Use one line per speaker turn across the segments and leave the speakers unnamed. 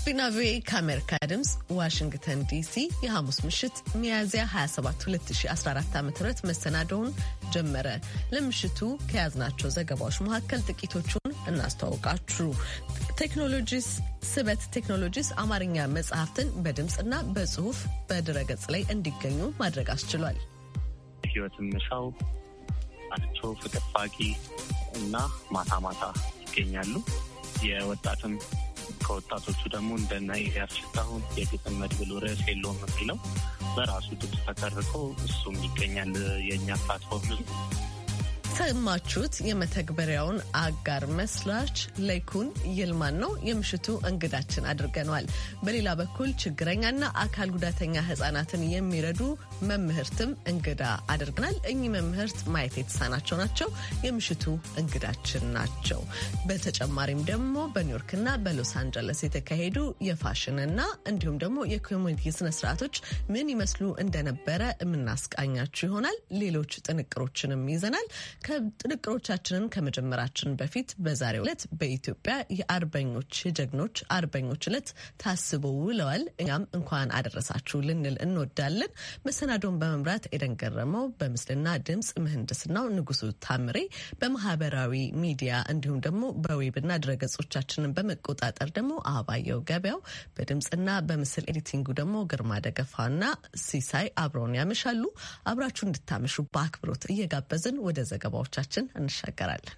ጋቢና ቪኦኤ ከአሜሪካ ድምፅ ዋሽንግተን ዲሲ የሐሙስ ምሽት ሚያዝያ 27 2014 ዓ ም መሰናደውን ጀመረ። ለምሽቱ ከያዝናቸው ዘገባዎች መካከል ጥቂቶቹን እናስተዋውቃችሁ። ቴክኖሎጂስ ስበት ቴክኖሎጂስ አማርኛ መጽሐፍትን በድምፅና በጽሁፍ በድረገጽ ላይ እንዲገኙ ማድረግ አስችሏል።
ህይወትም ምሻው አቸው ፍቅፋቂ እና ማታ ማታ ይገኛሉ። የወጣትም ከወጣቶቹ ደግሞ እንደነ ኤልያስ ሽታሁን የግጥም መድብል ርዕስ የለውም የሚለው በራሱ ድምፅ ተቀርጾ እሱም ይገኛል የእኛ ፕላትፎርም
የሰማችሁት የመተግበሪያውን አጋር መስራች ለይኩን ይልማን ነው የምሽቱ እንግዳችን አድርገነዋል። በሌላ በኩል ችግረኛና አካል ጉዳተኛ ህጻናትን የሚረዱ መምህርትም እንግዳ አድርገናል። እኚህ መምህርት ማየት የተሳናቸው ናቸው፣ የምሽቱ እንግዳችን ናቸው። በተጨማሪም ደግሞ በኒውዮርክና በሎስ አንጀለስ የተካሄዱ የፋሽንና እንዲሁም ደግሞ የኮሜዲ ስነስርዓቶች ምን ይመስሉ እንደነበረ የምናስቃኛችሁ ይሆናል። ሌሎች ጥንቅሮችንም ይዘናል። ከጥንቅሮቻችንን ከመጀመራችን በፊት በዛሬው ዕለት በኢትዮጵያ የአርበኞች የጀግኖች አርበኞች ዕለት ታስቦ ውለዋል። እኛም እንኳን አደረሳችሁ ልንል እንወዳለን። መሰናዶን በመምራት ኤደን ገረመው፣ በምስልና ድምፅ ምህንድስናው ንጉሱ ታምሬ፣ በማህበራዊ ሚዲያ እንዲሁም ደግሞ በዌብና ድረገጾቻችንን በመቆጣጠር ደግሞ አባየው ገበያው፣ በድምፅና በምስል ኤዲቲንጉ ደግሞ ግርማ ደገፋና ሲሳይ አብረውን ያመሻሉ። አብራችሁ እንድታመሹ በአክብሮት እየጋበዝን ወደ ዘገባው ዘገባዎቻችን እንሻገራለን።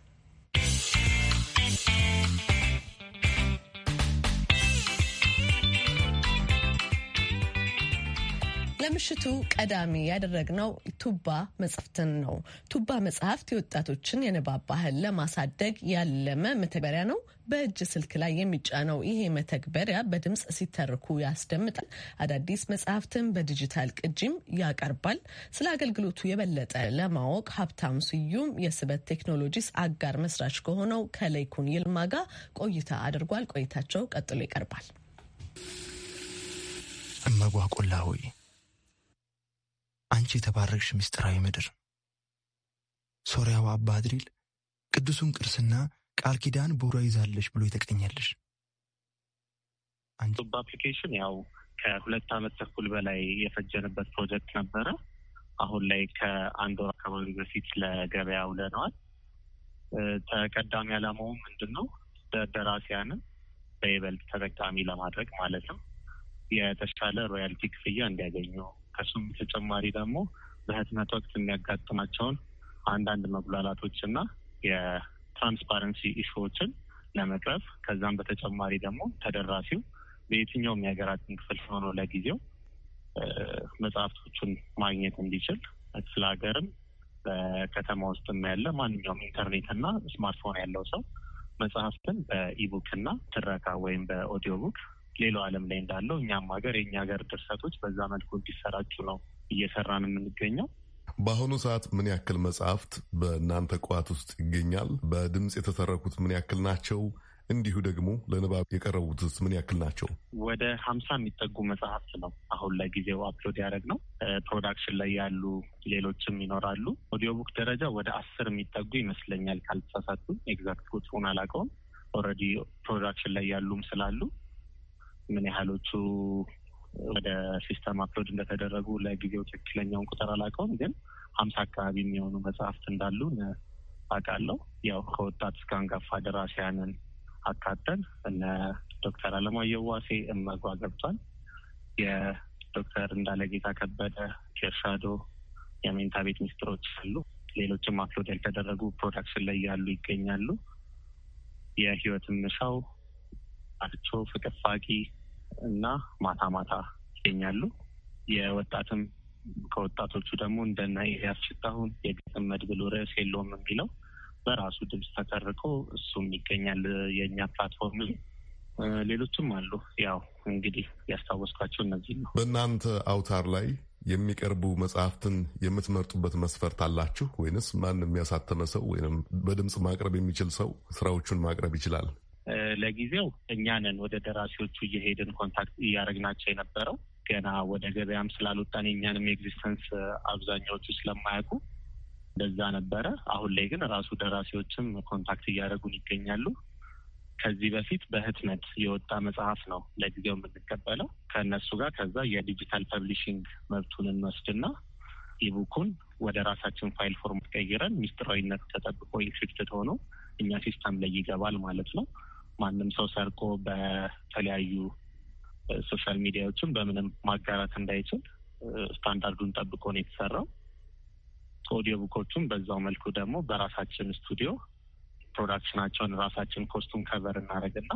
ለምሽቱ ቀዳሚ ያደረግነው ቱባ መጽሐፍትን ነው። ቱባ መጽሐፍት የወጣቶችን የንባብ ባህል ለማሳደግ ያለመ መተግበሪያ ነው። በእጅ ስልክ ላይ የሚጫነው ይሄ መተግበሪያ በድምፅ ሲተርኩ ያስደምጣል። አዳዲስ መጽሐፍትን በዲጂታል ቅጂም ያቀርባል። ስለ አገልግሎቱ የበለጠ ለማወቅ ሀብታም ስዩም የስበት ቴክኖሎጂስ አጋር መስራች ከሆነው ከለይኩን ይልማ ጋር ቆይታ አድርጓል። ቆይታቸው ቀጥሎ
ይቀርባል። እመጓቆላ ሆይ አንቺ የተባረክሽ ምስጢራዊ ምድር። ሶርያው አባ አድሪል ቅዱሱን ቅርስና ቃል ኪዳን ቦሯ ይዛለሽ ብሎ የተቀኘልሽ በአፕሊኬሽን ያው ከሁለት ዓመት ተኩል በላይ የፈጀንበት ፕሮጀክት ነበረ። አሁን ላይ ከአንድ ወር አካባቢ በፊት ለገበያ ውለነዋል። ተቀዳሚ ዓላማው ምንድን ነው? ደራሲያንን በይበልጥ ተጠቃሚ ለማድረግ ማለት ነው። የተሻለ ሮያልቲ ክፍያ እንዲያገኙ ከሱም ተጨማሪ ደግሞ በህትመት ወቅት የሚያጋጥማቸውን አንዳንድ መጉላላቶች እና የትራንስፓረንሲ ኢሹዎችን ለመቅረፍ ከዛም በተጨማሪ ደግሞ ተደራሲው በየትኛውም የሀገራችን ክፍል ሆኖ ለጊዜው መጽሐፍቶቹን ማግኘት እንዲችል ክፍለ ሀገርም በከተማ ውስጥም ያለ ማንኛውም ኢንተርኔትና ስማርትፎን ያለው ሰው መጽሐፍትን በኢቡክ እና ትረካ ወይም በኦዲዮ ቡክ ሌላው ዓለም ላይ እንዳለው እኛም ሀገር የእኛ ሀገር ድርሰቶች በዛ መልኩ እንዲሰራጩ ነው እየሰራን የምንገኘው።
በአሁኑ ሰዓት ምን ያክል መጽሐፍት በእናንተ ቋት ውስጥ ይገኛል? በድምፅ የተሰረኩት ምን ያክል ናቸው? እንዲሁ ደግሞ ለንባብ የቀረቡትስ ምን ያክል ናቸው?
ወደ ሀምሳ የሚጠጉ መጽሐፍት ነው አሁን ላይ ጊዜው አፕሎድ ያደረግ ነው። ፕሮዳክሽን ላይ ያሉ ሌሎችም ይኖራሉ። ኦዲዮ ቡክ ደረጃ ወደ አስር የሚጠጉ ይመስለኛል ካልተሳሳቱ። ኤግዛክት ቁጥሩን አላውቀውም። ኦልሬዲ ፕሮዳክሽን ላይ ያሉም ስላሉ ምን ያህሎቹ ወደ ሲስተም አፕሎድ እንደተደረጉ ለጊዜው ትክክለኛውን ቁጥር አላውቀውም፣ ግን ሀምሳ አካባቢ የሚሆኑ መጽሐፍት እንዳሉ አውቃለሁ። ያው ከወጣት እስከ አንጋፋ ደራሲያንን አካተን እነ ዶክተር አለማየሁ ዋሴ እመጓ ገብቷል። የዶክተር እንዳለጌታ ከበደ ኬርሻዶ የመኝታ ቤት ሚስጥሮች አሉ። ሌሎችም አፕሎድ ያልተደረጉ ፕሮዳክሽን ላይ ያሉ ይገኛሉ። የህይወት ምሻው አርቾ ፍቅፋቂ እና ማታ ማታ ይገኛሉ። የወጣትም ከወጣቶቹ ደግሞ እንደና ኤልያስ ሽታሁን የግጥም መድብል ርዕስ የለውም የሚለው በራሱ ድምፅ ተቀርቆ እሱም ይገኛል የእኛ ፕላትፎርም ሌሎችም አሉ። ያው እንግዲህ ያስታወስኳቸው እነዚህ ነው።
በእናንተ አውታር ላይ የሚቀርቡ መጽሐፍትን የምትመርጡበት መስፈርት አላችሁ ወይንስ ማንም ያሳተመ ሰው ወይም በድምፅ ማቅረብ የሚችል ሰው ስራዎቹን ማቅረብ ይችላል?
ለጊዜው እኛ ነን ወደ ደራሲዎቹ እየሄድን ኮንታክት እያደረግናቸው የነበረው ገና ወደ ገበያም ስላልወጣን የእኛንም ኤግዚስተንስ አብዛኛዎቹ ስለማያውቁ እንደዛ ነበረ። አሁን ላይ ግን ራሱ ደራሲዎችም ኮንታክት እያደረጉን ይገኛሉ። ከዚህ በፊት በህትመት የወጣ መጽሐፍ ነው ለጊዜው የምንቀበለው ከእነሱ ጋር። ከዛ የዲጂታል ፐብሊሽንግ መብቱን እንወስድና ኢቡኩን ወደ ራሳችን ፋይል ፎርም ቀይረን ሚስጥራዊነት ተጠብቆ ኢንክሪፕትድ ሆኖ እኛ ሲስተም ላይ ይገባል ማለት ነው። ማንም ሰው ሰርቆ በተለያዩ ሶሻል ሚዲያዎችን በምንም ማጋራት እንዳይችል ስታንዳርዱን ጠብቆ ነው የተሰራው። ኦዲዮ ቡኮቹም በዛው መልኩ ደግሞ በራሳችን ስቱዲዮ ፕሮዳክሽናቸውን ራሳችን ኮስቱም ከቨር እናደርግና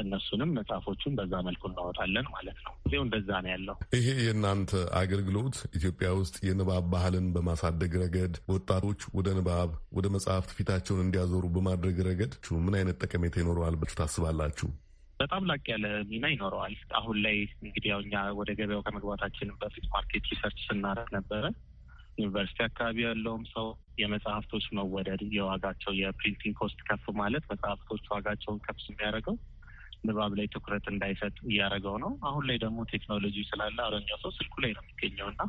እነሱንም መጽሐፎቹን በዛ መልኩ እናወጣለን ማለት ነው። ጊዜው እንደዛ ነው ያለው።
ይሄ የእናንተ አገልግሎት ኢትዮጵያ ውስጥ የንባብ ባህልን በማሳደግ ረገድ፣ ወጣቶች ወደ ንባብ ወደ መጽሐፍት ፊታቸውን እንዲያዞሩ በማድረግ ረገድ ምን አይነት ጠቀሜታ ይኖረዋል ብላችሁ ታስባላችሁ?
በጣም ላቅ ያለ ሚና ይኖረዋል። አሁን ላይ እንግዲህ ያው እኛ ወደ ገበያው ከመግባታችን በፊት ማርኬት ሪሰርች ስናደርግ ነበረ። ዩኒቨርሲቲ አካባቢ ያለውም ሰው የመጽሐፍቶች መወደድ፣ የዋጋቸው የፕሪንቲንግ ኮስት ከፍ ማለት መጽሐፍቶች ዋጋቸውን ከፍ የሚያደርገው ንባብ ላይ ትኩረት እንዳይሰጥ እያደረገው ነው። አሁን ላይ ደግሞ ቴክኖሎጂ ስላለ አብዛኛው ሰው ስልኩ ላይ ነው የሚገኘው እና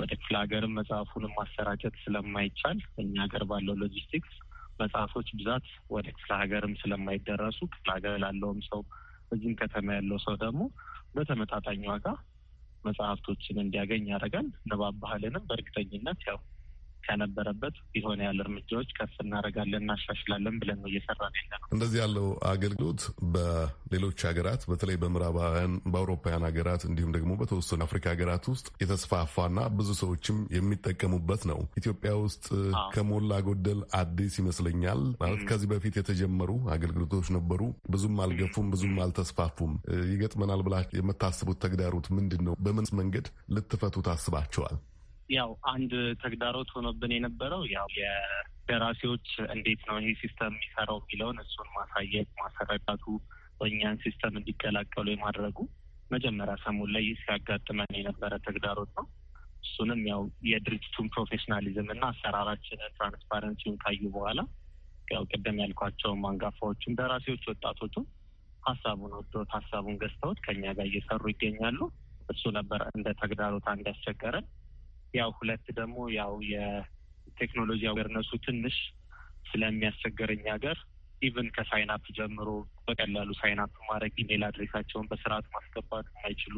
ወደ ክፍለ ሀገርም መጽሐፉንም ማሰራጨት ስለማይቻል እኛ ሀገር ባለው ሎጂስቲክስ መጽሐፎች ብዛት ወደ ክፍለ ሀገርም ስለማይደረሱ ክፍለ ሀገር ላለውም ሰው እዚህም ከተማ ያለው ሰው ደግሞ በተመጣጣኝ ዋጋ መጽሐፍቶችን እንዲያገኝ ያደርጋል። ንባብ ባህልንም በእርግጠኝነት ያው ከነበረበት የሆነ ያለ እርምጃዎች ከፍ እናደርጋለን እናሻሽላለን ብለን ነው እየሰራን ያለ
ነው። እንደዚህ ያለው አገልግሎት በሌሎች ሀገራት በተለይ በምዕራባውያን በአውሮፓውያን ሀገራት እንዲሁም ደግሞ በተወሰኑ አፍሪካ ሀገራት ውስጥ የተስፋፋና ብዙ ሰዎችም የሚጠቀሙበት ነው። ኢትዮጵያ ውስጥ ከሞላ ጎደል አዲስ ይመስለኛል። ማለት ከዚህ በፊት የተጀመሩ አገልግሎቶች ነበሩ፣ ብዙም አልገፉም፣ ብዙም አልተስፋፉም። ይገጥመናል ብላ የምታስቡት ተግዳሮት ምንድን ነው? በምን መንገድ ልትፈቱ ታስባቸዋል?
ያው አንድ ተግዳሮት ሆኖብን የነበረው ያው የደራሲዎች እንዴት ነው ይሄ ሲስተም የሚሰራው የሚለውን እሱን ማሳየት ማሰረዳቱ በእኛን ሲስተም እንዲቀላቀሉ የማድረጉ መጀመሪያ ሰሞን ላይ ሲያጋጥመን የነበረ ተግዳሮት ነው። እሱንም ያው የድርጅቱን ፕሮፌሽናሊዝም እና አሰራራችንን ትራንስፓረንሲውን ካዩ በኋላ ያው ቅድም ያልኳቸውም አንጋፋዎቹም ደራሲዎች ወጣቶቹም ሀሳቡን ወዶት ሀሳቡን ገዝተውት ከኛ ጋር እየሰሩ ይገኛሉ። እሱ ነበር እንደ ተግዳሮት አንድ ያስቸገረን። ያው ሁለት ደግሞ ያው የቴክኖሎጂ አዌርነሱ ትንሽ ስለሚያስቸግረኝ ሀገር ኢቨን ከሳይናፕ ጀምሮ በቀላሉ ሳይናፕ ማድረግ ኢሜል አድሬሳቸውን በስርዓት ማስገባት የማይችሉ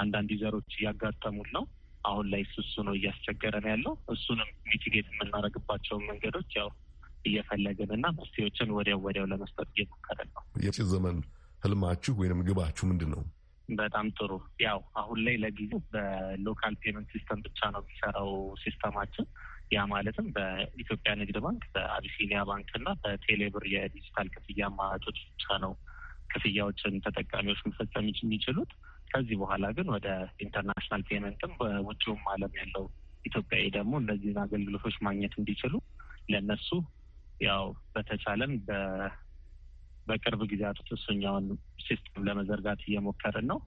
አንዳንድ ዩዘሮች እያጋጠሙን ነው። አሁን ላይ እሱ እሱ ነው እያስቸገረን ያለው። እሱንም ሚቲጌት የምናደርግባቸውን መንገዶች ያው እየፈለግን እና መፍትሄዎችን ወዲያው ወዲያው ለመስጠት እየሞከረ
ነው። የዚህ ዘመን ህልማችሁ ወይም ግባችሁ ምንድን ነው?
በጣም ጥሩ። ያው አሁን ላይ ለጊዜው በሎካል ፔመንት ሲስተም ብቻ ነው የሚሰራው ሲስተማችን። ያ ማለትም በኢትዮጵያ ንግድ ባንክ፣ በአቢሲኒያ ባንክ እና በቴሌብር የዲጂታል ክፍያ አማራጮች ብቻ ነው ክፍያዎችን ተጠቃሚዎች መፈጸም የሚችሉት። ከዚህ በኋላ ግን ወደ ኢንተርናሽናል ፔመንትም በውጭውም አለም ያለው ኢትዮጵያዊ ደግሞ እነዚህን አገልግሎቶች ማግኘት እንዲችሉ ለእነሱ ያው በተቻለን በቅርብ ጊዜያት ውስጥ እሱኛውን ሲስተም ለመዘርጋት እየሞከርን ነው።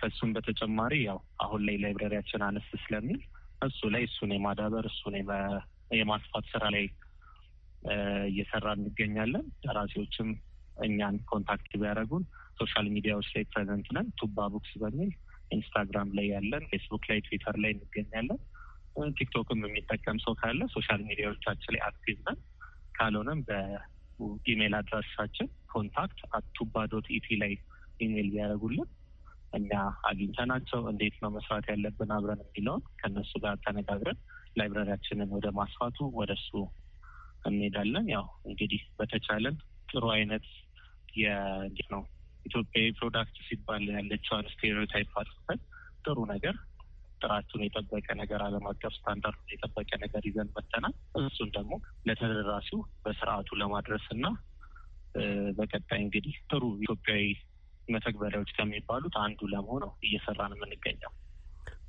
ከእሱም በተጨማሪ ያው አሁን ላይ ላይብረሪያችን አነስ ስለሚል እሱ ላይ እሱን የማዳበር እሱን የማስፋት ስራ ላይ እየሰራ እንገኛለን። ደራሲዎችም እኛን ኮንታክት ቢያደርጉን ሶሻል ሚዲያዎች ላይ ፕሬዘንት ነን። ቱባ ቡክስ በሚል ኢንስታግራም ላይ ያለን፣ ፌስቡክ ላይ፣ ትዊተር ላይ እንገኛለን። ቲክቶክም የሚጠቀም ሰው ካለ ሶሻል ሚዲያዎቻችን ላይ አክቲቭ ነን። ካልሆነም ኢሜል አድራሻችን ኮንታክት አት ቱባ ዶት ኢቲ ላይ ኢሜል ቢያደርጉልን እኛ አግኝተናቸው እንዴት ነው መስራት ያለብን አብረን የሚለውን ከእነሱ ጋር ተነጋግረን ላይብራሪያችንን ወደ ማስፋቱ ወደ እሱ እንሄዳለን። ያው እንግዲህ በተቻለን ጥሩ አይነት የእንዴት ነው ኢትዮጵያዊ ፕሮዳክት ሲባል ያለችዋን ስቴሪዮታይፕ አጥፍተን ጥሩ ነገር ጥራቱን የጠበቀ ነገር ዓለም አቀፍ ስታንዳርዱን የጠበቀ ነገር ይዘን መተናል። እሱን ደግሞ ለተደራሲው በስርዓቱ ለማድረስ እና በቀጣይ እንግዲህ ጥሩ ኢትዮጵያዊ መተግበሪያዎች ከሚባሉት አንዱ ለመሆን እየሰራን የምንገኘው።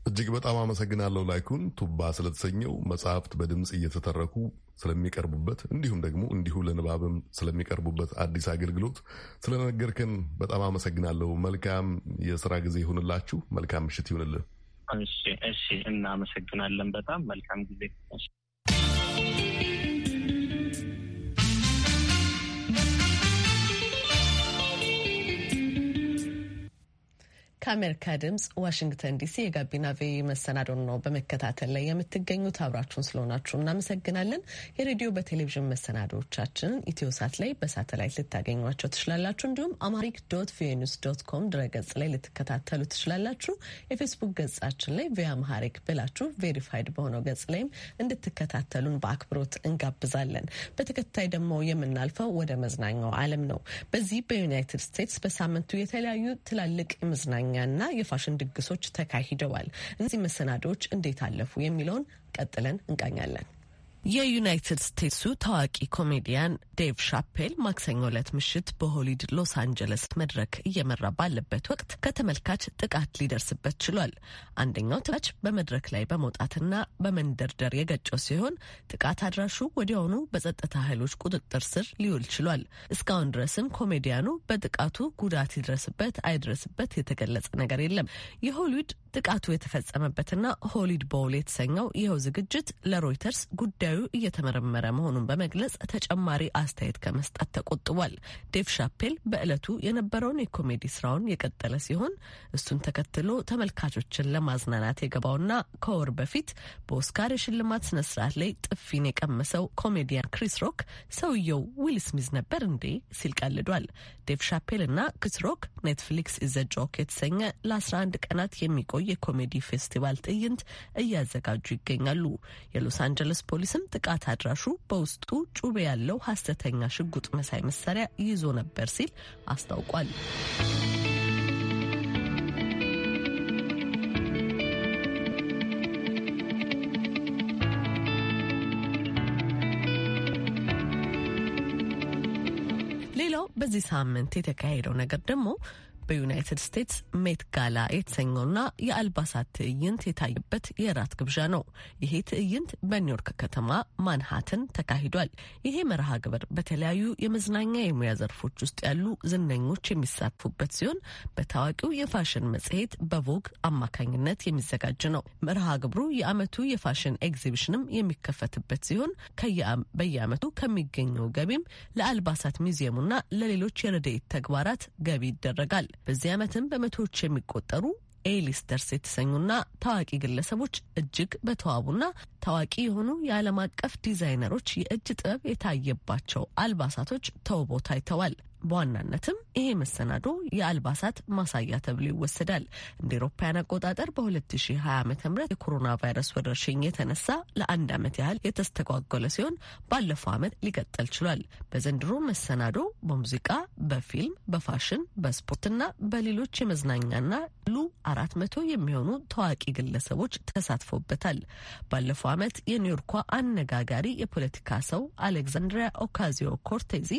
እጅግ በጣም አመሰግናለሁ። ላይኩን ቱባ ስለተሰኘው መጽሐፍት በድምፅ እየተተረኩ ስለሚቀርቡበት እንዲሁም ደግሞ እንዲሁ ለንባብም ስለሚቀርቡበት አዲስ አገልግሎት ስለነገርከን በጣም አመሰግናለሁ። መልካም የስራ ጊዜ ይሁንላችሁ። መልካም ምሽት ይሁንልን። እሺ እሺ፣ እናመሰግናለን። በጣም መልካም ጊዜ።
ከአሜሪካ ድምጽ ዋሽንግተን ዲሲ የጋቢና ቬ መሰናዶን ነው በመከታተል ላይ የምትገኙት። አብራችሁን ስለሆናችሁ እናመሰግናለን። የሬዲዮ በቴሌቪዥን መሰናዶዎቻችንን ኢትዮ ሳት ላይ በሳተላይት ልታገኟቸው ትችላላችሁ። እንዲሁም አማሪክ ዶት ቪኦኤ ዶት ኮም ድረገጽ ላይ ልትከታተሉ ትችላላችሁ። የፌስቡክ ገጻችን ላይ ቪኦኤ አማሪክ ብላችሁ ቬሪፋይድ በሆነው ገጽ ላይም እንድትከታተሉን በአክብሮት እንጋብዛለን። በተከታይ ደግሞ የምናልፈው ወደ መዝናኛው ዓለም ነው። በዚህ በዩናይትድ ስቴትስ በሳምንቱ የተለያዩ ትላልቅ መዝናኛ መዝናኛና የፋሽን ድግሶች ተካሂደዋል። እነዚህ መሰናዶዎች እንዴት አለፉ የሚለውን ቀጥለን እንቃኛለን። የዩናይትድ ስቴትሱ ታዋቂ ኮሜዲያን ዴቭ ሻፔል ማክሰኞ ዕለት ምሽት በሆሊድ ሎስ አንጀለስ መድረክ እየመራ ባለበት ወቅት ከተመልካች ጥቃት ሊደርስበት ችሏል። አንደኛው ተመልካች በመድረክ ላይ በመውጣትና በመንደርደር የገጨው ሲሆን ጥቃት አድራሹ ወዲያውኑ በጸጥታ ኃይሎች ቁጥጥር ስር ሊውል ችሏል። እስካሁን ድረስም ኮሜዲያኑ በጥቃቱ ጉዳት ይድረስበት አይድረስበት የተገለጸ ነገር የለም። የሆሊድ ጥቃቱ የተፈጸመበትና ሆሊድ ቦል የተሰኘው ይኸው ዝግጅት ለሮይተርስ ጉዳዩ እየተመረመረ መሆኑን በመግለጽ ተጨማሪ አስተያየት ከመስጠት ተቆጥቧል። ዴቭ ሻፔል በዕለቱ የነበረውን የኮሜዲ ስራውን የቀጠለ ሲሆን እሱን ተከትሎ ተመልካቾችን ለማዝናናት የገባውና ከወር በፊት በኦስካር የሽልማት ስነስርዓት ላይ ጥፊን የቀመሰው ኮሜዲያን ክሪስ ሮክ ሰውየው ዊል ስሚዝ ነበር እንዴ ሲል ቀልዷል። ዴቭ ሻፔል እና ክሪስ ሮክ ኔትፍሊክስ ኢዘ ጆክ የተሰኘ ለ11 ቀናት የሚቆይ የኮሜዲ ፌስቲቫል ትዕይንት እያዘጋጁ ይገኛሉ። የሎስ አንጀለስ ፖሊስም ጥቃት አድራሹ በውስጡ ጩቤ ያለው ሀሰተኛ ሽጉጥ መሳይ መሳሪያ ይዞ ነበር ሲል አስታውቋል። በዚህ ሳምንት የተካሄደው ነገር ደግሞ በዩናይትድ ስቴትስ ሜት ጋላ የተሰኘውና የአልባሳት ትዕይንት የታየበት የራት ግብዣ ነው። ይሄ ትዕይንት በኒውዮርክ ከተማ ማንሃትን ተካሂዷል። ይሄ መርሃ ግብር በተለያዩ የመዝናኛ የሙያ ዘርፎች ውስጥ ያሉ ዝነኞች የሚሳፉበት ሲሆን በታዋቂው የፋሽን መጽሔት በቮግ አማካኝነት የሚዘጋጅ ነው። መርሃ ግብሩ የዓመቱ የፋሽን ኤግዚቢሽንም የሚከፈትበት ሲሆን በየዓመቱ ከሚገኘው ገቢም ለአልባሳት ሚዚየሙና ለሌሎች የረድኤት ተግባራት ገቢ ይደረጋል። በዚህ ዓመትም በመቶዎች የሚቆጠሩ ኤሊስተርስ የተሰኙና ታዋቂ ግለሰቦች እጅግ በተዋቡና ታዋቂ የሆኑ የዓለም አቀፍ ዲዛይነሮች የእጅ ጥበብ የታየባቸው አልባሳቶች ተውቦ ታይተዋል። በዋናነትም ይሄ መሰናዶ የአልባሳት ማሳያ ተብሎ ይወሰዳል። እንደ ኤሮፓያን አቆጣጠር በ2020 ዓ ም የኮሮና ቫይረስ ወረርሽኝ የተነሳ ለአንድ ዓመት ያህል የተስተጓጎለ ሲሆን ባለፈው ዓመት ሊቀጠል ችሏል። በዘንድሮ መሰናዶ በሙዚቃ፣ በፊልም፣ በፋሽን፣ በስፖርትና በሌሎች የመዝናኛና ሉ አራት መቶ የሚሆኑ ታዋቂ ግለሰቦች ተሳትፎበታል። ባለፈው ዓመት የኒውዮርኳ አነጋጋሪ የፖለቲካ ሰው አሌክዛንድሪያ ኦካዚዮ ኮርቴዚ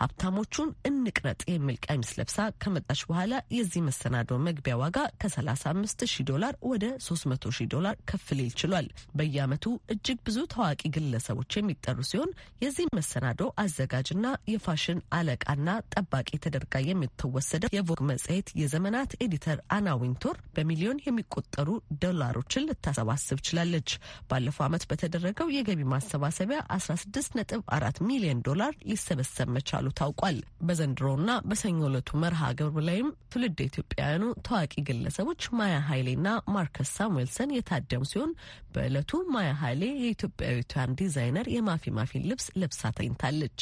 ሀብታሞቹን እንቅረጥ የሚል ቀሚስ ለብሳ ከመጣች በኋላ የዚህ መሰናዶ መግቢያ ዋጋ ከ35 ዶላር ወደ 300 ሺ ዶላር ከፍ ሊል ችሏል። በየዓመቱ እጅግ ብዙ ታዋቂ ግለሰቦች የሚጠሩ ሲሆን የዚህ መሰናዶ አዘጋጅና የፋሽን አለቃና ጠባቂ ተደርጋ የምትወሰደው የቮግ መጽሔት የዘመናት ኤዲተር አና ጆና ዊንቶር በሚሊዮን የሚቆጠሩ ዶላሮችን ልታሰባስብ ችላለች። ባለፈው ዓመት በተደረገው የገቢ ማሰባሰቢያ 16.4 ሚሊዮን ዶላር ሊሰበሰብ መቻሉ ታውቋል። በዘንድሮና በሰኞ ዕለቱ መርሃ ግብር ላይም ትውልድ ኢትዮጵያውያኑ ታዋቂ ግለሰቦች ማያ ኃይሌና ማርከስ ሳሙኤልሰን የታደሙ ሲሆን በዕለቱ ማያ ኃይሌ የኢትዮጵያዊቷን ዲዛይነር የማፊ ማፊን ልብስ ለብሳ ተኝታለች።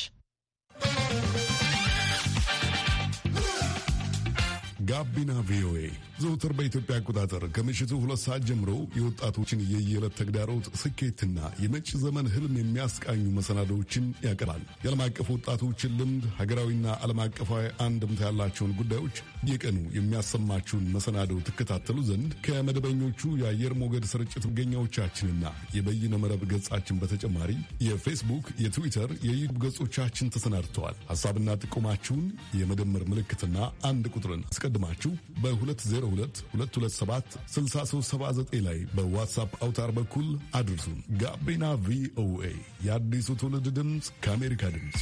ጋቢና ቪኦኤ ዘውትር በኢትዮጵያ አቆጣጠር ከምሽቱ ሁለት ሰዓት ጀምሮ የወጣቶችን የየዕለት ተግዳሮት ስኬትና የመጪ ዘመን ህልም የሚያስቃኙ መሰናዶዎችን ያቀርባል። የዓለም አቀፍ ወጣቶችን ልምድ፣ ሀገራዊና ዓለም አቀፋዊ አንድምታ ያላቸውን ጉዳዮች የቀኑ የሚያሰማችሁን መሰናዶው ትከታተሉ ዘንድ ከመደበኞቹ የአየር ሞገድ ስርጭት መገኛዎቻችንና የበይነ መረብ ገጻችን በተጨማሪ የፌስቡክ፣ የትዊተር፣ የዩቱብ ገጾቻችን ተሰናድተዋል። ሐሳብና ጥቆማችሁን የመደመር ምልክትና አንድ ቁጥርን አስቀድማችሁ በ20 2022 ላይ በዋትሳፕ አውታር በኩል አድርሱን። ጋቢና ቪኦኤ የአዲሱ ትውልድ ድምፅ ከአሜሪካ ድምፅ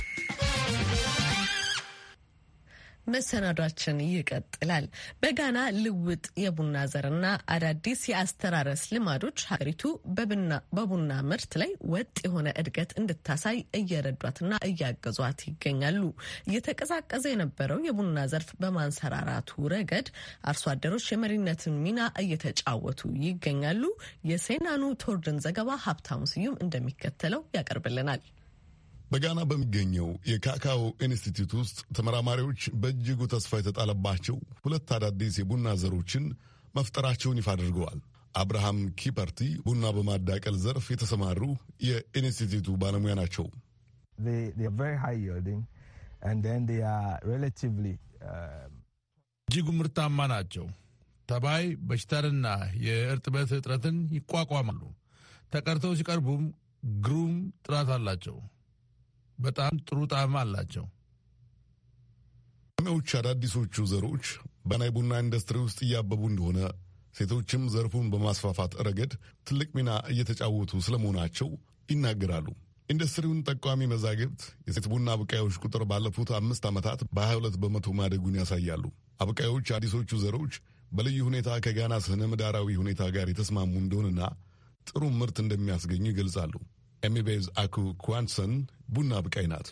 መሰናዷችን ይቀጥላል። በጋና ልውጥ የቡና ዘርና አዳዲስ የአስተራረስ ልማዶች ሀገሪቱ በቡና ምርት ላይ ወጥ የሆነ እድገት እንድታሳይ እየረዷትና እያገዟት ይገኛሉ። እየተቀዛቀዘ የነበረው የቡና ዘርፍ በማንሰራራቱ ረገድ አርሶ አደሮች የመሪነትን ሚና እየተጫወቱ ይገኛሉ። የሴናኑ ቶርድን ዘገባ ሀብታሙ ስዩም እንደሚከተለው ያቀርብልናል።
በጋና በሚገኘው የካካኦ ኢንስቲትዩት ውስጥ ተመራማሪዎች በእጅጉ ተስፋ የተጣለባቸው ሁለት አዳዲስ የቡና ዘሮችን መፍጠራቸውን ይፋ አድርገዋል። አብርሃም ኪፐርቲ ቡና በማዳቀል ዘርፍ የተሰማሩ የኢንስቲትዩቱ ባለሙያ ናቸው። uh, እጅጉ ምርታማ ናቸው። ተባይ በሽታንና የእርጥበት እጥረትን ይቋቋማሉ። ተቀርተው ሲቀርቡም ግሩም ጥራት አላቸው። በጣም ጥሩ ጣዕም አላቸው። ሜዎች አዳዲሶቹ ዘሮች በናይ ቡና ኢንዱስትሪ ውስጥ እያበቡ እንደሆነ ሴቶችም ዘርፉን በማስፋፋት ረገድ ትልቅ ሚና እየተጫወቱ ስለመሆናቸው ይናገራሉ። ኢንዱስትሪውን ጠቋሚ መዛግብት የሴት ቡና አብቃዮች ቁጥር ባለፉት አምስት ዓመታት በ22 በመቶ ማደጉን ያሳያሉ። አብቃዮች አዲሶቹ ዘሮች በልዩ ሁኔታ ከጋና ስነ ምህዳራዊ ሁኔታ ጋር የተስማሙ እንደሆነና ጥሩ ምርት እንደሚያስገኙ ይገልጻሉ። ኤሚቤዝ አኩ ኩዋንሰን ቡና ብቃይ ናት።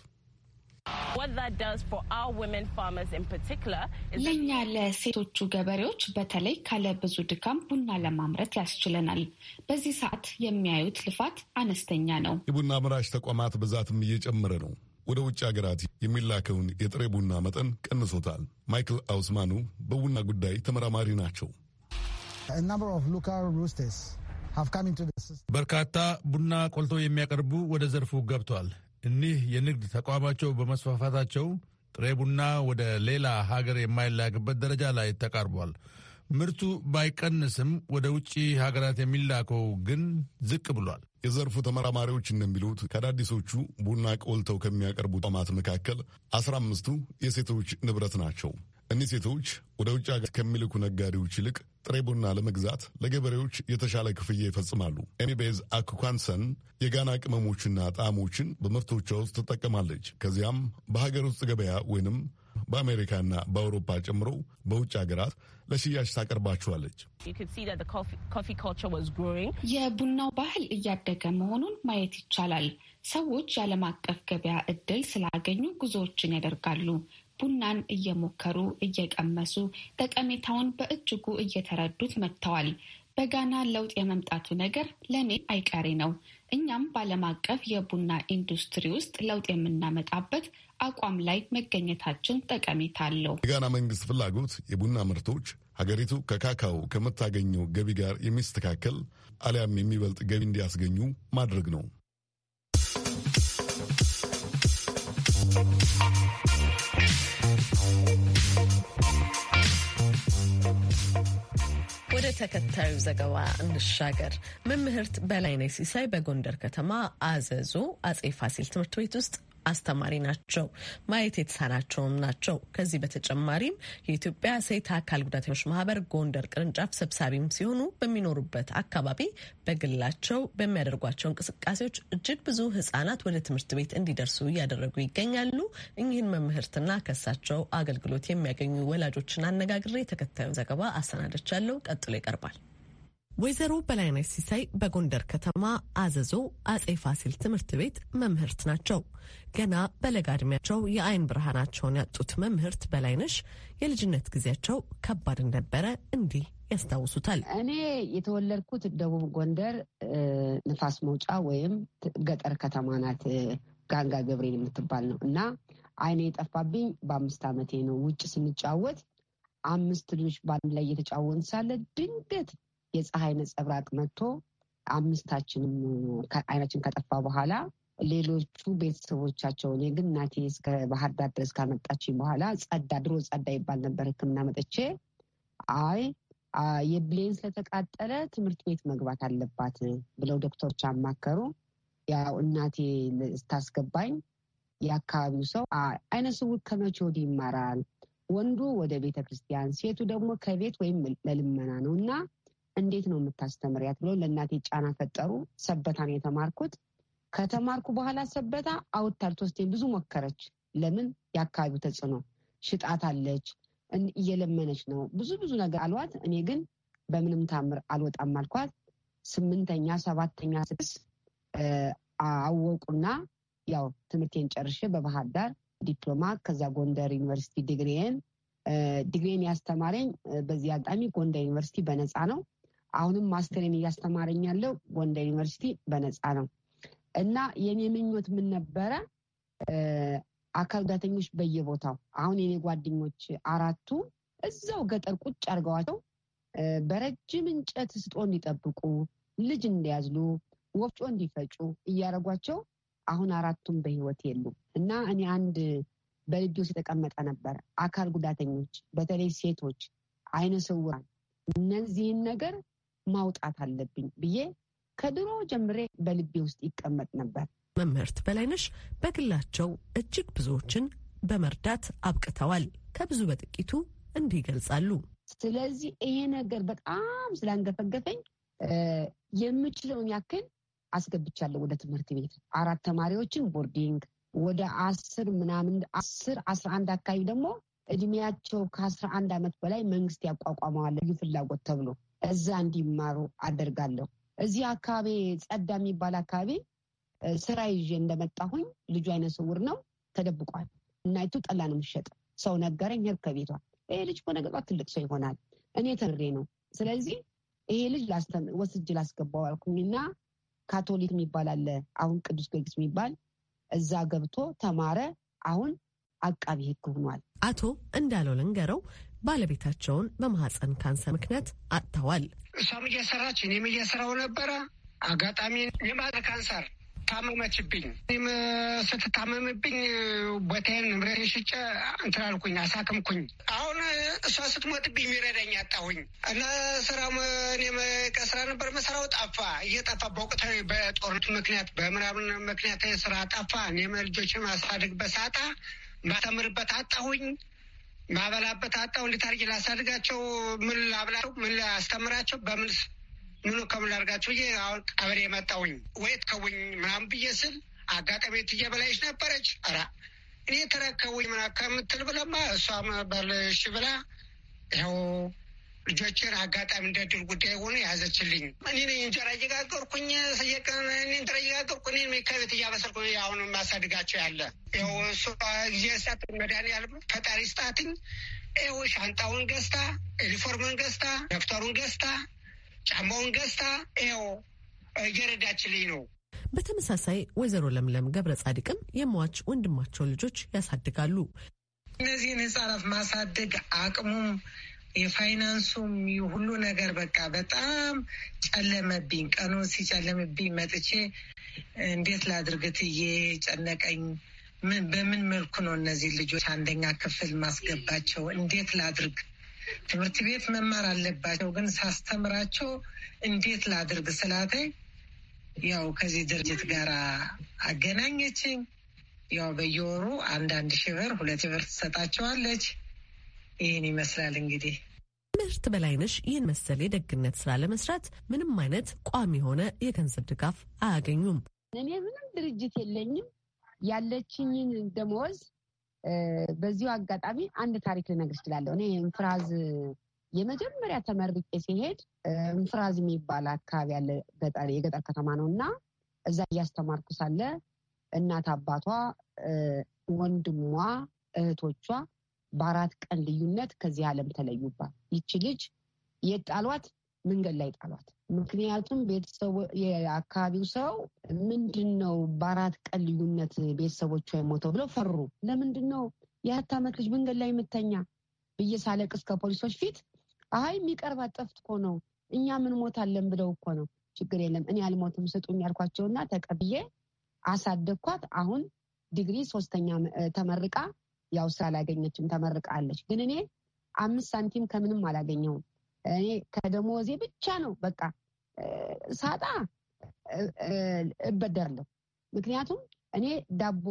ለእኛ ለሴቶቹ ገበሬዎች በተለይ ካለ ብዙ ድካም ቡና ለማምረት ያስችለናል። በዚህ ሰዓት የሚያዩት ልፋት አነስተኛ ነው።
የቡና አምራች ተቋማት ብዛትም እየጨመረ ነው። ወደ ውጭ ሀገራት የሚላከውን የጥሬ ቡና መጠን ቀንሶታል። ማይክል አውስማኑ በቡና ጉዳይ ተመራማሪ ናቸው። በርካታ ቡና ቆልተው የሚያቀርቡ ወደ ዘርፉ ገብቷል። እኒህ የንግድ ተቋማቸው በመስፋፋታቸው ጥሬ ቡና ወደ ሌላ ሀገር የማይላክበት ደረጃ ላይ ተቃርቧል። ምርቱ ባይቀንስም ወደ ውጭ ሀገራት የሚላከው ግን ዝቅ ብሏል። የዘርፉ ተመራማሪዎች እንደሚሉት ከአዳዲሶቹ ቡና ቆልተው ከሚያቀርቡ ተቋማት መካከል አስራ አምስቱ የሴቶች ንብረት ናቸው። እኒህ ሴቶች ወደ ውጭ ሀገር ከሚልኩ ነጋዴዎች ይልቅ ጥሬ ቡና ለመግዛት ለገበሬዎች የተሻለ ክፍያ ይፈጽማሉ። ኤሚቤዝ አኩኳንሰን የጋና ቅመሞችና ጣዕሞችን በምርቶቿ ውስጥ ትጠቀማለች። ከዚያም በሀገር ውስጥ ገበያ ወይንም በአሜሪካና በአውሮፓ ጨምሮ በውጭ ሀገራት ለሽያጭ ታቀርባችኋለች።
የቡናው ባህል እያደገ መሆኑን ማየት ይቻላል። ሰዎች የዓለም አቀፍ ገበያ እድል ስላገኙ ጉዞዎችን ያደርጋሉ። ቡናን እየሞከሩ እየቀመሱ ጠቀሜታውን በእጅጉ እየተረዱት መጥተዋል። በጋና ለውጥ የመምጣቱ ነገር ለእኔ አይቀሬ ነው። እኛም በዓለም አቀፍ የቡና ኢንዱስትሪ ውስጥ ለውጥ የምናመጣበት አቋም ላይ መገኘታችን ጠቀሜታ አለው።
የጋና መንግስት ፍላጎት የቡና ምርቶች ሀገሪቱ ከካካው ከምታገኘው ገቢ ጋር የሚስተካከል አሊያም የሚበልጥ ገቢ እንዲያስገኙ ማድረግ ነው።
ወደ ተከታዩ ዘገባ እንሻገር። መምህርት በላይ ሲሳይ በጎንደር ከተማ አዘዞ አጼ ፋሲል ትምህርት ቤት ውስጥ አስተማሪ ናቸው። ማየት የተሳናቸውም ናቸው። ከዚህ በተጨማሪም የኢትዮጵያ ሴት አካል ጉዳተኞች ማህበር ጎንደር ቅርንጫፍ ሰብሳቢም ሲሆኑ በሚኖሩበት አካባቢ በግላቸው በሚያደርጓቸው እንቅስቃሴዎች እጅግ ብዙ ህጻናት ወደ ትምህርት ቤት እንዲደርሱ እያደረጉ ይገኛሉ። እኚህን መምህርትና ከሳቸው አገልግሎት የሚያገኙ ወላጆችን አነጋግሬ ተከታዩን ዘገባ አሰናደቻለሁ። ቀጥሎ ይቀርባል። ወይዘሮ በላይነሽ ሲሳይ በጎንደር ከተማ አዘዞ አጼ ፋሲል ትምህርት ቤት መምህርት ናቸው። ገና በለጋ ዕድሜያቸው የአይን ብርሃናቸውን ያጡት መምህርት በላይነሽ የልጅነት ጊዜያቸው ከባድ
እንደነበረ እንዲህ ያስታውሱታል። እኔ የተወለድኩት ደቡብ ጎንደር ንፋስ መውጫ ወይም ገጠር ከተማ ናት። ጋንጋ ገብሬን የምትባል ነው እና አይኔ የጠፋብኝ በአምስት ዓመቴ ነው። ውጭ ስንጫወት አምስት ልጆች በአንድ ላይ እየተጫወትን ሳለ ድንገት የፀሐይ ነጸብራቅ መጥቶ አምስታችንም አይናችን ከጠፋ በኋላ ሌሎቹ ቤተሰቦቻቸው እኔ ግን እናቴ እስከ ባህር ዳር ድረስ ካመጣችኝ በኋላ ጸዳ፣ ድሮ ጸዳ ይባል ነበር ሕክምና መጥቼ አይ የብሌን ስለተቃጠለ ትምህርት ቤት መግባት አለባት ብለው ዶክተሮች አማከሩ። ያው እናቴ ስታስገባኝ የአካባቢው ሰው አይነ ስውር ከመቼ ወዲህ ይማራል? ወንዱ ወደ ቤተ ክርስቲያን፣ ሴቱ ደግሞ ከቤት ወይም ለልመና ነው እና እንዴት ነው የምታስተምሪያት ብለው ለእናቴ ጫና ፈጠሩ። ሰበታን የተማርኩት ከተማርኩ በኋላ ሰበታ አውታር ቶስቴን ብዙ ሞከረች። ለምን የአካባቢው ተጽዕኖ ሽጣት አለች፣ እየለመነች ነው ብዙ ብዙ ነገር አልዋት። እኔ ግን በምንም ታምር አልወጣም አልኳት። ስምንተኛ ሰባተኛ ስስ አወቁና ያው ትምህርቴን ጨርሼ በባህር ዳር ዲፕሎማ ከዛ ጎንደር ዩኒቨርሲቲ ዲግሪን ዲግሪን ያስተማረኝ በዚህ አጋጣሚ ጎንደር ዩኒቨርሲቲ በነፃ ነው አሁንም ማስተሬን እያስተማረኝ ያለው ጎንደር ዩኒቨርሲቲ በነፃ ነው እና የኔ ምኞት ምን ነበረ? አካል ጉዳተኞች በየቦታው አሁን የኔ ጓደኞች አራቱ እዛው ገጠር ቁጭ አድርገዋቸው በረጅም እንጨት ስጦ እንዲጠብቁ፣ ልጅ እንዲያዝሉ፣ ወፍጮ እንዲፈጩ እያደረጓቸው አሁን አራቱም በህይወት የሉ እና እኔ አንድ በልቤ ውስጥ የተቀመጠ ነበር። አካል ጉዳተኞች በተለይ ሴቶች፣ አይነ ስውራን እነዚህን ነገር ማውጣት አለብኝ ብዬ ከድሮ ጀምሬ በልቤ ውስጥ ይቀመጥ ነበር። መምህርት በላይነሽ በግላቸው እጅግ
ብዙዎችን በመርዳት አብቅተዋል። ከብዙ በጥቂቱ እንዲህ ይገልጻሉ።
ስለዚህ ይሄ ነገር በጣም ስላንገፈገፈኝ የምችለውን ያክል አስገብቻለሁ ወደ ትምህርት ቤት አራት ተማሪዎችን ቦርዲንግ ወደ አስር ምናምን አስር አስራ አንድ አካባቢ ደግሞ እድሜያቸው ከአስራ አንድ ዓመት በላይ መንግስት ያቋቋመዋል ልዩ ፍላጎት ተብሎ እዛ እንዲማሩ አደርጋለሁ። እዚህ አካባቢ ጸዳ የሚባል አካባቢ ስራ ይዤ እንደመጣሁኝ ልጁ አይነ ስውር ነው፣ ተደብቋል። እናይቱ ጠላ ነው የምትሸጥ ሰው ነገረኝ። ሄድኩ ከቤቷ። ይሄ ልጅ ከሆነ ገጧ ትልቅ ሰው ይሆናል፣ እኔ ተምሬ ነው። ስለዚህ ይሄ ልጅ ወስጅ ላስገባው አልኩኝና ካቶሊክ የሚባል አለ፣ አሁን ቅዱስ ጊዮርጊስ የሚባል እዛ ገብቶ ተማረ። አሁን አቃቢ ህግ ሆኗል። አቶ እንዳለው ልንገረው ባለቤታቸውን
በማህፀን ካንሰር ምክንያት አጥተዋል።
እሷም እየሰራች እኔም እየሰራው ነበረ። አጋጣሚ የማህፀን ካንሰር ታመመችብኝ። እኔም ስትታመምብኝ ቦታዬን ንብረቴን ሽጬ እንትን አልኩኝ፣ አሳክምኩኝ። አሁን እሷ ስትሞትብኝ የሚረዳኝ አጣሁኝ እና ስራ እኔም ከስራ ነበር መሰራው ጠፋ። እየጠፋ በወቅታዊ በጦርነቱ ምክንያት በምናምን ምክንያት ስራ ጠፋ። እኔም ልጆችን ማሳደግ በሳጣ ማስተምርበት አጣሁኝ። ማበላበት አጣው። እንዴት ላሳድጋቸው? ምን ላብላቸው? ምን ላስተምራቸው? በምን ምኑ ከምን ላድርጋቸው ብዬ አሁን ቀበሌ መጣውኝ ወይት ከውኝ ምናምን ብዬ ስል አጋጣሚ ትዬ በላይሽ ነበረች። ኧረ እኔ ተረከቡኝ ምና ከምትል ብለማ እሷም በልሽ ብላ ያው ልጆችን አጋጣሚ እንደ ድል ጉዳይ ሆኖ ያዘችልኝ። እኔ ነኝ እንጀራ እየጋገርኩኝ እየቀን እንጀራ እየጋገርኩ እኔ ከቤት እያበሰርኩ አሁን ማሳድጋቸው ያለ ይኸው እሱ ጊዜ ሰጥ መድኃኒዓለም ፈጣሪ ስጣትኝ። ይኸው ሻንጣውን ገዝታ፣ ዩኒፎርምን ገዝታ፣ ደብተሩን ገዝታ፣ ጫማውን ገዝታ ይኸው እየረዳችልኝ ነው።
በተመሳሳይ ወይዘሮ ለምለም ገብረ ጻድቅም የሟች ወንድማቸውን ልጆች ያሳድጋሉ።
እነዚህን ህጻናት ማሳደግ አቅሙም የፋይናንሱም ሁሉ ነገር በቃ በጣም ጨለመብኝ። ቀኑን ሲጨለምብኝ መጥቼ እንዴት ላድርግ ትዬ ጨነቀኝ። በምን መልኩ ነው እነዚህ ልጆች አንደኛ ክፍል ማስገባቸው? እንዴት ላድርግ? ትምህርት ቤት መማር አለባቸው፣ ግን ሳስተምራቸው እንዴት ላድርግ ስላተኝ ያው ከዚህ ድርጅት ጋር አገናኘችኝ። ያው በየወሩ አንዳንድ ሺህ ብር ሁለት ብር ትሰጣቸዋለች። ይህን ይመስላል እንግዲህ
ትምህርት በላይነሽ ይህን መሰል የደግነት ስራ ለመስራት ምንም አይነት ቋሚ የሆነ የገንዘብ ድጋፍ አያገኙም።
እኔ ምንም ድርጅት የለኝም። ያለችኝን ደመወዝ በዚሁ አጋጣሚ አንድ ታሪክ ልነግር እችላለሁ። እኔ እንፍራዝ የመጀመሪያ ተመርቄ ሲሄድ እንፍራዝ የሚባል አካባቢ ያለ የገጠር ከተማ ነው እና እዛ እያስተማርኩ ሳለ እናት አባቷ፣ ወንድሟ፣ እህቶቿ በአራት ቀን ልዩነት ከዚህ ዓለም ተለዩባት። ይቺ ልጅ የት ጣሏት? መንገድ ላይ ጣሏት። ምክንያቱም ቤተሰቡ የአካባቢው ሰው ምንድን ነው በአራት ቀን ልዩነት ቤተሰቦቿ የሞተው ብለው ፈሩ። ለምንድን ነው የአራት ዓመት ልጅ መንገድ ላይ የምተኛ ብዬ ሳለቅስ ከፖሊሶች ፊት አይ የሚቀርባት ጠፍት እኮ ነው እኛ ምን ሞታለን ብለው እኮ ነው። ችግር የለም እኔ አልሞትም ስጡኝ ያልኳቸውና ተቀብዬ አሳደግኳት። አሁን ዲግሪ ሶስተኛ ተመርቃ ያው ስራ አላገኘችም ተመርቃለች። ግን እኔ አምስት ሳንቲም ከምንም አላገኘውም። እኔ ከደሞዜ ብቻ ነው በቃ ሳጣ እበደርለሁ። ምክንያቱም እኔ ዳቦ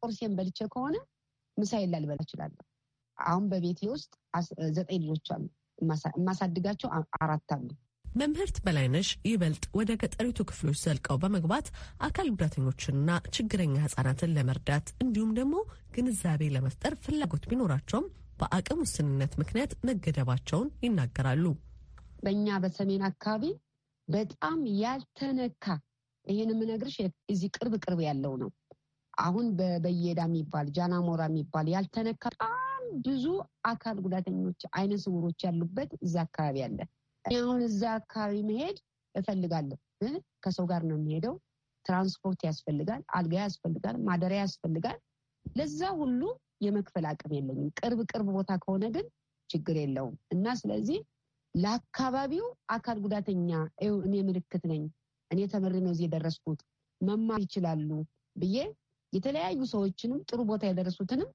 ቁርሴን በልቼ ከሆነ ምሳዬን ላልበላ እችላለሁ። አሁን በቤቴ ውስጥ ዘጠኝ ልጆች አሉ። የማሳድጋቸው አራት አሉ።
መምህርት በላይነሽ ይበልጥ ወደ ገጠሪቱ ክፍሎች ዘልቀው በመግባት አካል ጉዳተኞችንና ችግረኛ ህጻናትን ለመርዳት እንዲሁም ደግሞ ግንዛቤ ለመፍጠር ፍላጎት ቢኖራቸውም በአቅም ውስንነት ምክንያት መገደባቸውን ይናገራሉ።
በእኛ በሰሜን አካባቢ በጣም ያልተነካ ይሄን የምነግርሽ እዚህ ቅርብ ቅርብ ያለው ነው። አሁን በበየዳ የሚባል ጃናሞራ የሚባል ያልተነካ በጣም ብዙ አካል ጉዳተኞች አይነ ስውሮች ያሉበት እዚ አካባቢ አለ። አሁን እዛ አካባቢ መሄድ እፈልጋለሁ። ከሰው ጋር ነው የሚሄደው። ትራንስፖርት ያስፈልጋል፣ አልጋ ያስፈልጋል፣ ማደሪያ ያስፈልጋል። ለዛ ሁሉ የመክፈል አቅም የለኝም። ቅርብ ቅርብ ቦታ ከሆነ ግን ችግር የለውም እና ስለዚህ ለአካባቢው አካል ጉዳተኛ እኔ ምልክት ነኝ፣ እኔ ተምሬ ነው እዚህ የደረስኩት መማር ይችላሉ ብዬ የተለያዩ ሰዎችንም ጥሩ ቦታ የደረሱትንም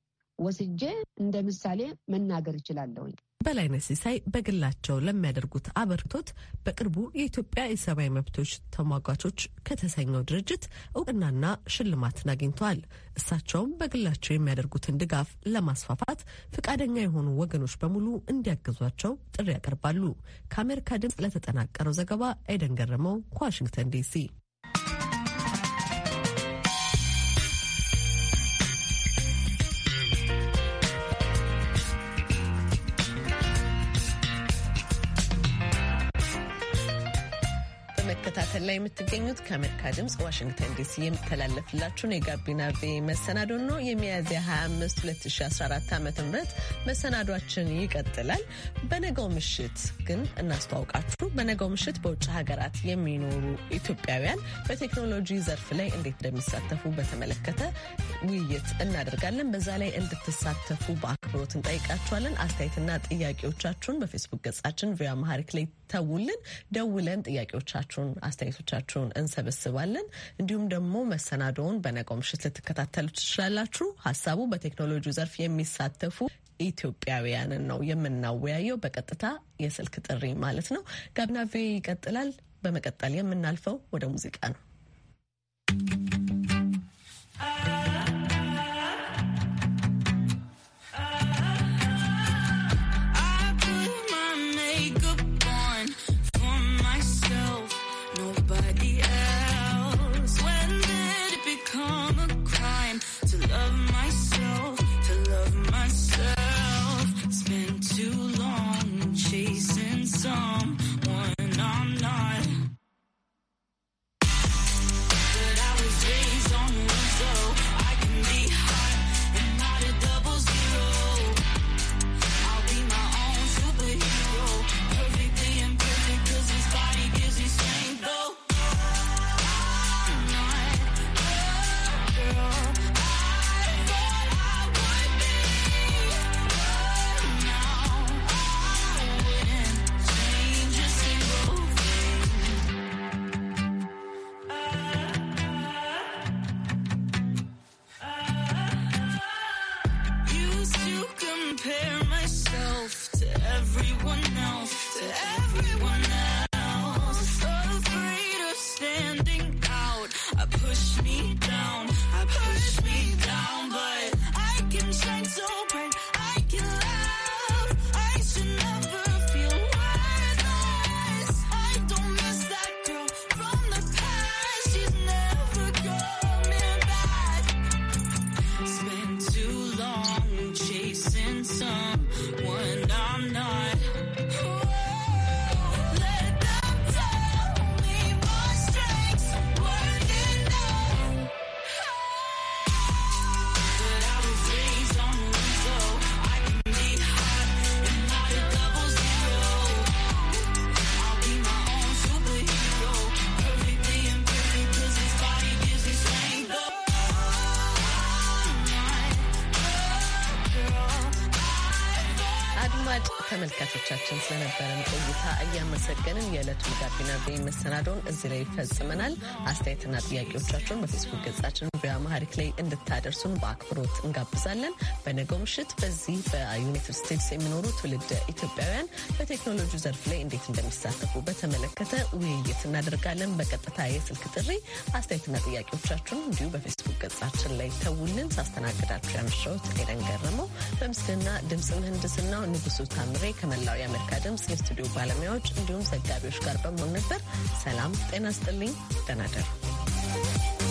ወስጄ እንደ ምሳሌ መናገር እችላለሁ።
በላይነህ ሲሳይ በግላቸው ለሚያደርጉት አበርክቶት በቅርቡ የኢትዮጵያ የሰብአዊ መብቶች ተሟጋቾች ከተሰኘው ድርጅት እውቅናና ሽልማትን አግኝተዋል። እሳቸውም በግላቸው የሚያደርጉትን ድጋፍ ለማስፋፋት ፈቃደኛ የሆኑ ወገኖች በሙሉ እንዲያግዟቸው ጥሪ ያቀርባሉ። ከአሜሪካ ድምፅ ለተጠናቀረው ዘገባ ኤደን ገረመው ከዋሽንግተን ዲሲ በመከታተል ላይ የምትገኙት ከአሜሪካ ድምፅ ዋሽንግተን ዲሲ የሚተላለፍላችሁን የጋቢና ቪ መሰናዶ ነው። የሚያዝያ 25 2014 ዓ ም መሰናዷችን ይቀጥላል። በነገው ምሽት ግን እናስተዋውቃችሁ። በነገው ምሽት በውጭ ሀገራት የሚኖሩ ኢትዮጵያውያን በቴክኖሎጂ ዘርፍ ላይ እንዴት እንደሚሳተፉ በተመለከተ ውይይት እናደርጋለን። በዛ ላይ እንድትሳተፉ በአክብሮት እንጠይቃችኋለን። አስተያየትና ጥያቄዎቻችሁን በፌስቡክ ገጻችን ቪያ ማሪክ ላይ ተውልን፣ ደውለን ጥያቄዎቻችሁን፣ አስተያየቶቻችሁን እንሰበስባለን። እንዲሁም ደግሞ መሰናዶውን በነገው ምሽት ልትከታተሉ ትችላላችሁ። ሀሳቡ በቴክኖሎጂ ዘርፍ የሚሳተፉ ኢትዮጵያውያንን ነው የምናወያየው፣ በቀጥታ የስልክ ጥሪ ማለት ነው። ጋቢና ቪኦኤ ይቀጥላል። በመቀጠል የምናልፈው ወደ ሙዚቃ ነው። ተመልካቾቻችን ስለነበረን ቆይታ እያመሰገንን የዕለቱ ጋቢና ቤ መሰናዶውን እዚህ ላይ ይፈጽመናል። አስተያየትና ጥያቄዎቻችሁን በፌስቡክ ገጻችን ቪያ ማሀሪክ ላይ እንድታደርሱን በአክብሮት እንጋብዛለን። በነገው ምሽት በዚህ በዩናይትድ ስቴትስ የሚኖሩ ትውልድ ኢትዮጵያውያን በቴክኖሎጂ ዘርፍ ላይ እንዴት እንደሚሳተፉ በተመለከተ ውይይት እናደርጋለን። በቀጥታ የስልክ ጥሪ አስተያየትና ጥያቄዎቻችሁን እንዲሁ በፌስቡክ ገጻችን ላይ ተውልን። ሳስተናግዳችሁ ያመሸሁት ኤደን ገረመው በምስልና ድምፅ ምህንድስናው ንጉሱ ታምሬ ዛሬ ከመላው የአሜሪካ ድምፅ የስቱዲዮ ባለሙያዎች እንዲሁም ዘጋቢዎች ጋር በመሆን ነበር። ሰላም ጤና ስጥልኝ። ደህና ደሩ።